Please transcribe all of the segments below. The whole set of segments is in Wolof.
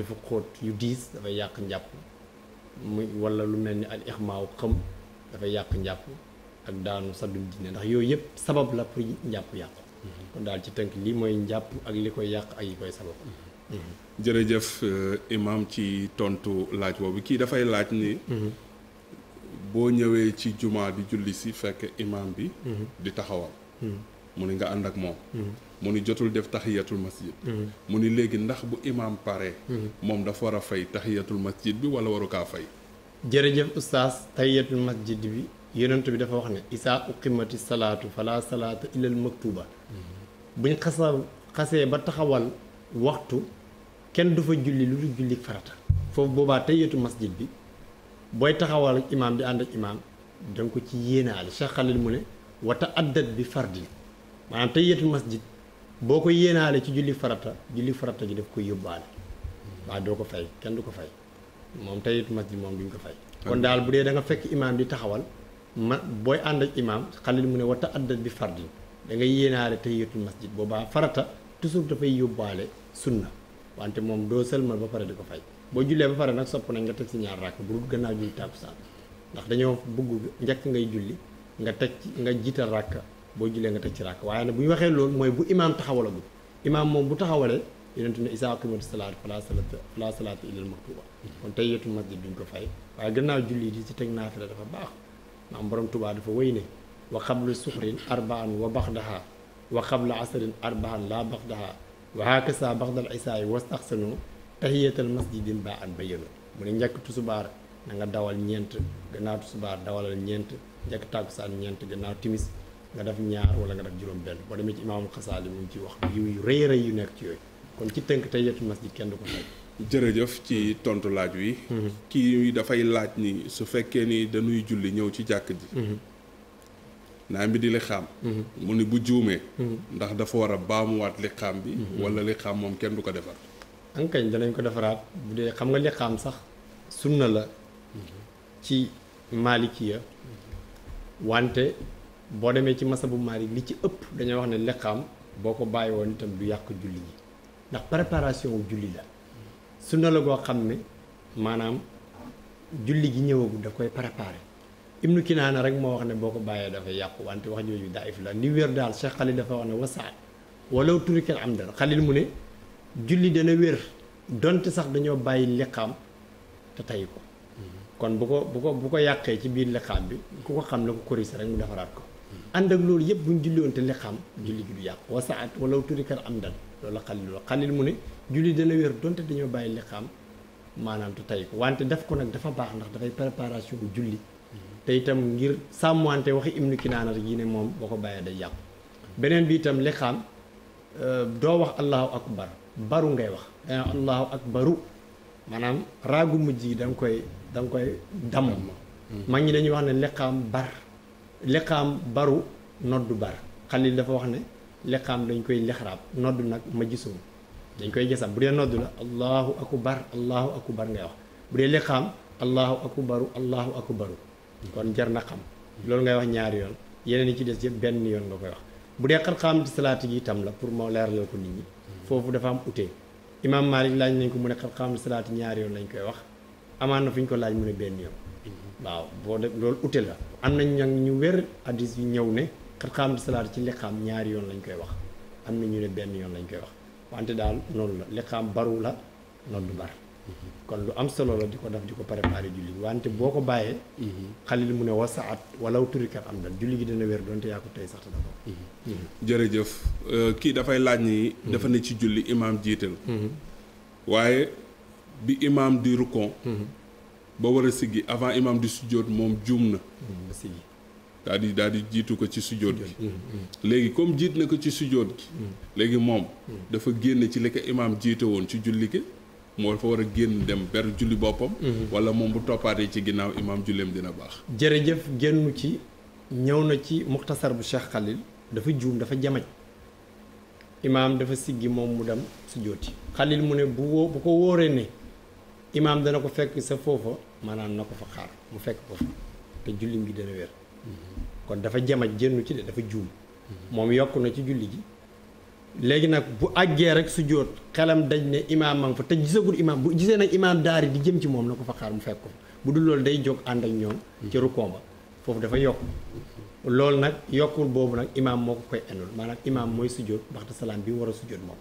dafa xóot yu diis dafay yàq njàpp mu wala lu mel ni ak ixmaaw xëm dafay yàq njàpp ak daanu saddul diine ndax yooyu yëpp sabab la pour njàpp yàqu mhm. kon daal ci tënk lii mooy njàpp ak li koy yàq ak yi koy sabab mhm. Mhm. jërëjëf euh, imam ci tontu laaj boobu kii dafay laaj ni boo ñëwee ci jumaa di julli si fekk imam bi di taxawal mu ne nga ànd ak moom mu ne jotul def taxiyatul masjid mm-hmm. mu ni léegi ndax bu imaam pare mm-hmm. moom dafa war a fay taxiyatul masjid bi wala waru kaa fay jërëjëf ustaas taxiyatul masjid bi yonent bi dafa wax ne isaa uqimati salaatu fala salaata illal maktuba mm-hmm. buñ xasa xasee ba taxawal waxtu kenn du fa julli lu dul julli farata foofu boobaa tayyatu masjid bi booy taxawal ak imaam di ànd ak imaam da nga ko ci yéenaale Cheikh Khalil mu ne wata addat bi fardi maanaam tayyatu masjid boo ko yéenaale ci julli farata julli farata ji daf koy yóbbaale waaye doo ko fay kenn du ko fay moom tey it masjid moom duñ ko fay kon daal bu dee da nga fekk imaam di taxawal ma booy ànd ak imaam li mu ne wa ta addat bi fardin da nga yéenaale tahiyatul masjid boobaa farata toujours dafay yóbbaale sunna wante moom doo sëlmal ba pare di ko fay boo jullee ba pare nag sopp nañ nga teg si ñaar rakk bu dul gannaaw julli tàkkusaan ndax dañoo bëgg njëkk ngay julli nga teg nga jiital rakka boo jullee nga teg ci ràkk waaye nag bu waxee loolu mooy bu imaam taxawalagul imaam moom bu taxawalee yonent ne isa qimatu salaat fala salaat fala salaat illal maktuba kon tey yetul masjid duñ ko fay waaye gannaaw julli di ci teg naafila dafa baax maam borom tubaa dafa wéy ne wa qabla suxrin arbaan wa baxdaha wa qabla asrin arbaan la baxdaha wa hakasa baxdal isaayi wastaxsanu tahiyatal masjidin ba an bayyana mu ne njëkk tusubaar na nga dawal ñeent gannaaw tusubaar dawalal ñeent njëkk tàggu saan ñeent gannaaw timis nga def ñaar wala nga def juróom-benn boo demee ci imaamul xasaali mu ngi ci wax yiw yu rëy rëy yu nekk ci yooyu kon ci tënk tahiyatul masjid kenn du ko xeeb. jërëjëf ci tontu laaj wi. Mm-hmm. kii dafay laaj ni su fekkee ni dañuy julli ñëw ci jàkk ji. Mm-hmm. naam bi di lixaam mm-hmm. mu ni bu juumee ndax dafa war a baamuwaat lixaam bi wala lixaam moom kenn du ko defar ankañ danañ ko defaraat bu dee xam nga lixaam sax sunna la ci maalikiya wante boo demee ci bu maar yi li ci ëpp dañoo wax ne liqaam boo ko bàyyi woon itam du yàq julli yi ndax préparation wu julli la sunna la goo xam ne maanaam julli gi ñëwagul da koy préparer Ibnu Kinaana rek moo wax ne boo ko bàyyee dafay yàqu wante wax jooju daif la ni wér daal Cheikh Xalil dafa wax ne wasaat walaw turikal am dana dal Xalil mu ne julli dana wér donte sax dañoo bàyyi liqaam te tey ko mm-hmm. kon bu ko bu ko bu ko yàqee ci biir liqaam bi ku xam ne ko korise rek mu defaraat ko ànd ak loolu yëpp bu ñu julliwoon te li xam julli gi du yàqu wasaat wala turikar am dal loolu xalil la xalil mu ne julli dana wér donte dañoo bàyyi li xam maanaam te tey ko wante def ko nag dafa baax ndax dafay préparation bu julli te itam ngir sàmm sàmmante waxi Ibnu Kinaana rek yi ne moom boo ko bàyyee day yàqu beneen bi itam li xam euh, doo wax allahu akbar baru ngay wax danga allahu akbaru maanaam raagu mujj yi da koy da nga koy damm mag ñi liqaam baru noddu bar xalil dafa wax ne liqaam dañ koy lixraab noddu nag ma gisoo dañ koy gesam bu dee nodd la allahu akbar allahu akbar ngay wax bu dee liqaam allahu akbaru allahu akbaru kon jar na xam loolu ngay wax ñaari yoon yeneen yi ci des yëpp benn yoon nga koy wax bu dee xarxaamati salaati gi itam la pour moo leeralal ko nit ñi foofu dafa am utee imaam Malik laaj nañ ko mu ne xarxaamati salaati ñaari yoon lañ koy wax amaan na fu ko laaj mu ne benn yoon waaw boo de loolu ute la am nañ nag ñu wér addis yu ñëw ne xatxaam di salaat ci liqaam ñaari yoon lañ koy wax am na ñu ne benn yoon lañ koy wax wante daal noonu la liqaam baru la noonu du bar mhm. kon lu am solo la di ko def di ko préparé julli gi wante boo ko bàyyee mhm. xalil mu ne wasa at walaw am dal julli gi dina wér doonte yaa ko tey sax te dafa mhm. jërëjëf euh, kii dafay laaj ni dafa ne ci julli imaam jiital waaye bi imaam di rukon ba war a siggi avant imam di sujjoot moom juum na daal di daal di jiitu ko ci sujjoot gi mm, mm. léegi comme jiit na ko ci sujjoot gi mm. léegi moom dafa génn ci li ko imam jiite woon ci jullike moo dafa war a génn dem ber julli boppam wala moom bu toppaatee ci ginnaaw imam julleem dina baax jërëjëf génnu ci ñëw na ci muxtasar bu Cheikh Khalil dafa juum dafa jamaj imaam dafa siggi moom mu dem sujjooti Khalil mu ne bu woo bu ko wóoree ne imaam dana ko fekk sa foofa maanaam na ko fa xaar mu fekk ko fa te jullim gi dana wér kon dafa jamaj jënnu ci de dafa juum moom yokku na ci julli ji léegi nag bu àggee rek su jóot xelam daj ne imaam ma fa te gisagul imaam bu jisee nag imaam daari di jëm ci moom na ko fa xaar mu fekk ko fa bu dul loolu day jóg ànd ak ñoom ci rukoom foofu dafa yokk loolu nag yokkul boobu nag imaam moo ko koy enul maanaam imaam mooy sujjóot baxta salaan bi war a sujjóot moom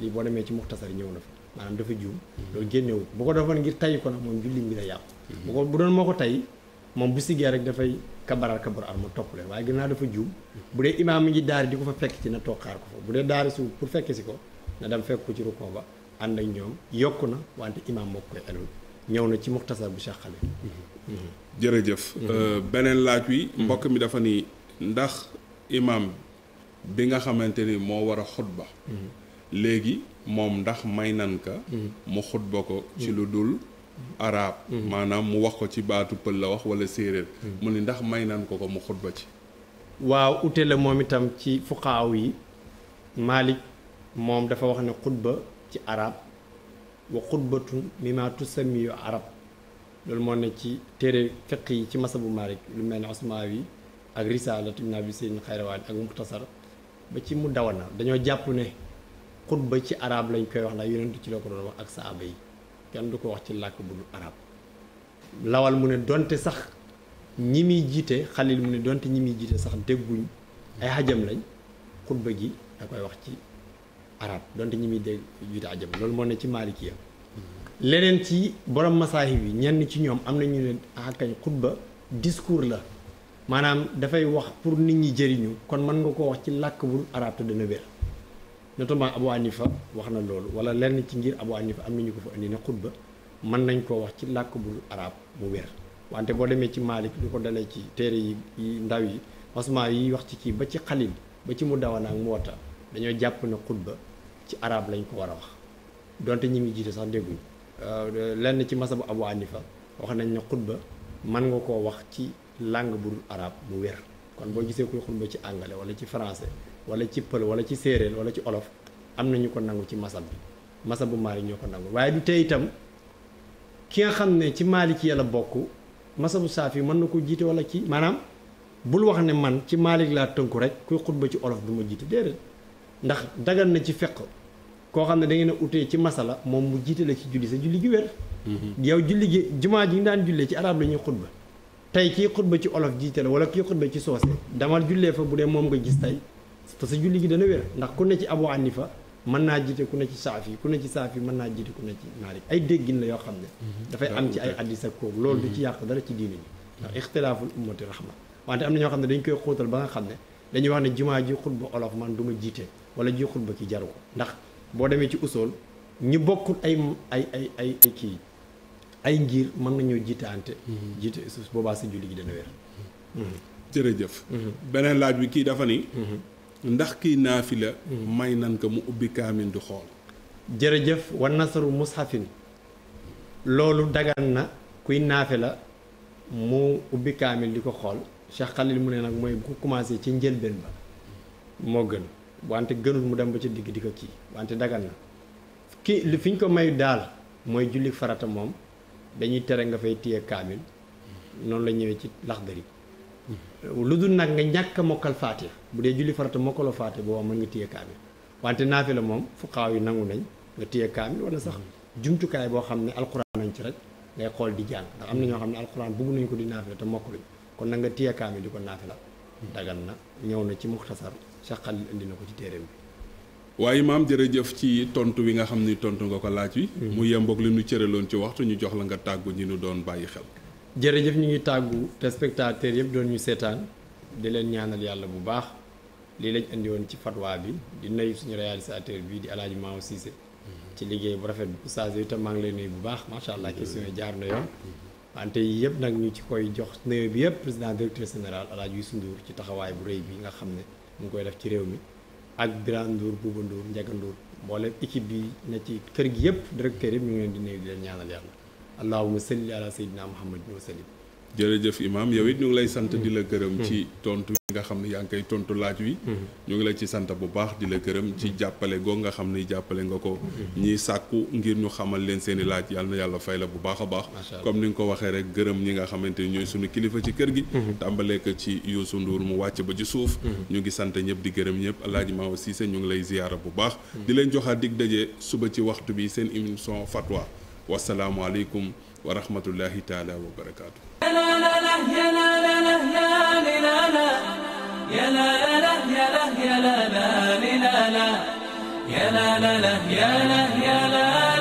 lii boo demee ci ñëw na fa maanaam dafa juum loolu génnewu bu ko defoon ngir tay ko nag moom julli bi la yàqu bu ko bu doon moo ko tay moom bu siggee rek dafay kabaral kabar ar mu topp leen waaye naa dafa juum bu dee imaam mi ngi daari di ko fa fekk ci na toog ko fa bu dee daari suuf pour fekk si ko na dem fekk ko ci rukkoo ba ànd ak ñoom yokk na wante imaam moo koy elul ñëw na ci muxtasar bu sàqale jërëjëf mm-hmm. euh, beneen laaj wi mm-hmm. mbokk mi dafa ni ndax imaam bi nga xamante ni moo war a xutba mm-hmm. léegi moom ndax may nan ka hmm. mu xutba ko hmm. ci lu dul arab hmm. maanaam mu wax ko ci baatu pël la wax wala séeréer mu ni ndax may nan ko ko mu xutba ci waaw ute la moom itam ci fuqaaw yi Malik moom dafa wax ne xutba ci arab wa xutbatun mimma tusamiyu arab loolu moo ne ci téere fiq yi ci bu Malik lu mel ne yi ak Risaalat ibn Abi Sayyid Xayrawaan ak Muxtasar ba ci mu dawana dañoo jàpp ne xutba ci araab lañ koy wax ndax yonent ci la ko doon wax ak sa saaba yi kenn du ko wax ci làkk bu dul arab lawal mu ne donte sax ñi muy jiite xalil mu ne donte ñi muy jiite sax dégguñ ay xajam lañ xutba gi da koy wax ci arab donte ñi muy dégg jiite ajam loolu moo ne ci maalikiya leneen ci borom masaahib yi ñenn ci ñoom am na ñu ne akañ ah xutba discours la maanaam dafay wax pour nit ñi jëriñu kon mën nga koo wax ci làkk bul arab te dana wér notamment Abu Hanifa wax na loolu wala lenn ci ngir Abu Hanifa am na ñu ko fa indi ne xutba mën nañ koo wax ci làkk bu arab mu wér wante boo demee ci Maalik lu ko dalee ci téere yi ndaw yi osma yi wax ci kii ba ci xalil ba ci mu dawana ak mu wata dañoo jàpp ne xutba ci arab lañ ko war a donte ñi ngi jiite sax dégguñ euh, lenn ci masabu Abu Hanifa wax nañ ne xutba mën nga koo wax ci langue bu dul arab mu wér kon boo gisee kuy xutba ci anglais wala ci français wala ci pël wala ci séeréer wala ci olof am na ñu ko nangu ci masab bi masab bu maalik ñoo ko nangu waaye du tey itam ki nga xam ne ci maalik ya la bokk masabu saafi mën na ko jiite wala ci maanaam bul wax ne man ci maalik laa tënku rek kuy xutba ci olof du ma jiite déedéet ndax dagan na ci feq koo xam ne da ngeen utee ci masala moom mu jiite la ci julli sa julli gi wér mm-hmm. yow julli gi jumaa ji nga daan julle ci arab la ñuy xutba tey kii xutba ci olof jiite la wala kii xutba ci soose damal jullee fa bu dee moom nga gis tey te sa julli gi dana wér ndax ku ne ci Abu Hanifa mën naa jiite ku ne ci Saafi ku ne ci Saafi mën naa jiite ku ne ci Maalik ay déggin la yoo xam ne mhm. dafay am ci ay addis ak kooku loolu du ci yàq dara ci diini ji ndax mhm. ixtilaaful ummati rahma wante am na ñoo xam ne dañ koy xóotal ba nga xam ne dañuy wax ne jumaa ji xutba olof man du ma jiite wala ji xutba ki jaru ko ndax boo demee ci usool ñi bokkul ay ay ay ay ay kii ay ngiir mën nañoo jiitaante jiite mhm. suuf boobaa sa julli gi dana wér jërëjëf beneen laaj bi kii dafa ni ndax kii la may nan ko mu ubbi kaamin du xool jërëjëf wa nasaru mushafin loolu dagan na kuy naafila mu ubbi kaamil di ko xool Cheikh Khalil mu ne nag mooy bu ko commencé ci njëlbeen ba moo gën wante gënul mu dem ba ci digg di ko kii wante dagan na ki fi ñu ko mayu daal mooy julli farata moom dañuy tere nga fay téye kaamil noonu la ñëwee ci laxdari lu dul nag nga ñàkk mokkal faatiha bu dee julli farata mokkaloo faatiha booba mën nga téye kaamil wante naafi la moom fu fuqaaw yi nangu nañ nga téye kaamil wala sax jumtukaay boo xam ne alquran nañ ci rek ngay xool di jàng ndax am na ñoo xam ne alquran bugg nañ ko di naafi la te mokk luñ kon na nga téye kaamil di ko naafi la dagan na ñëw na ci muxtasar Cheikh Khalil indi na ko ci téeréem bi waaye maam jërëjëf ci tontu bi nga xam ni tontu nga ko laaj wi hmm. mu yemboog li ñu cëraloon ci waxtu ñu jox la nga tàggu ñi ñu doon bàyyi xel jërëjëf ñu ngi tàggu te spectateurs yëpp doon ñu seetaan di leen ñaanal yàlla bu baax lii lañ andi woon ci fatwa bi di nuyu suñu réalisateur bii di El ma Maodo Cissé ci liggéey bu rafet bi oustaz yi tam maa ngi lay nuyu bu baax macha allah question yi jaar na yoon. wante yii yëpp nag ñu ci koy jox nuyu bi yëpp président directeur général El Hadj Youssou Ndour ci taxawaay bu rëy bi nga xam ne mu ngi koy def ci réew mi ak Birane Ndour Bouba Ndour Ndiaga Ndour mboolem équipe bi na gi yëpp directeur yëpp ñu ngi leen di nuyu di ñaanal yàlla. allahumma salli ala sayyidina muhammadin wa sallim jërëjëf imam yow it ñu ngi lay sant mm-hmm. di la gërëm ci mm-hmm. tontu bi nga xam ne yaa ngi koy tontu laaj wi mm-hmm. ñu ngi la ci sant bu baax di la gërëm ci jàppale goo nga xam ne jàppale nga ko ñi sàkku ngir ñu xamal leen seen i laaj yàlla yàlla fay la bu baax a baax comme ni nga ko waxee rek gërëm ñi nga xamante ni ñooy suñu kilifa ci kër gi tàmbalee ko ci Youssou nduur mu wàcc ba ci suuf ñu ngi sant ñëpp di gërëm ñëpp alaaji Maodo Cissé ñu ngi lay ziyaara bu baax di leen joxaat dig daje suba ci waxtu bi seen émission fatwa wasalaamualeykum wa rahmatullahi taala wa barakaatu. يا لا لا لا يا لا يا لا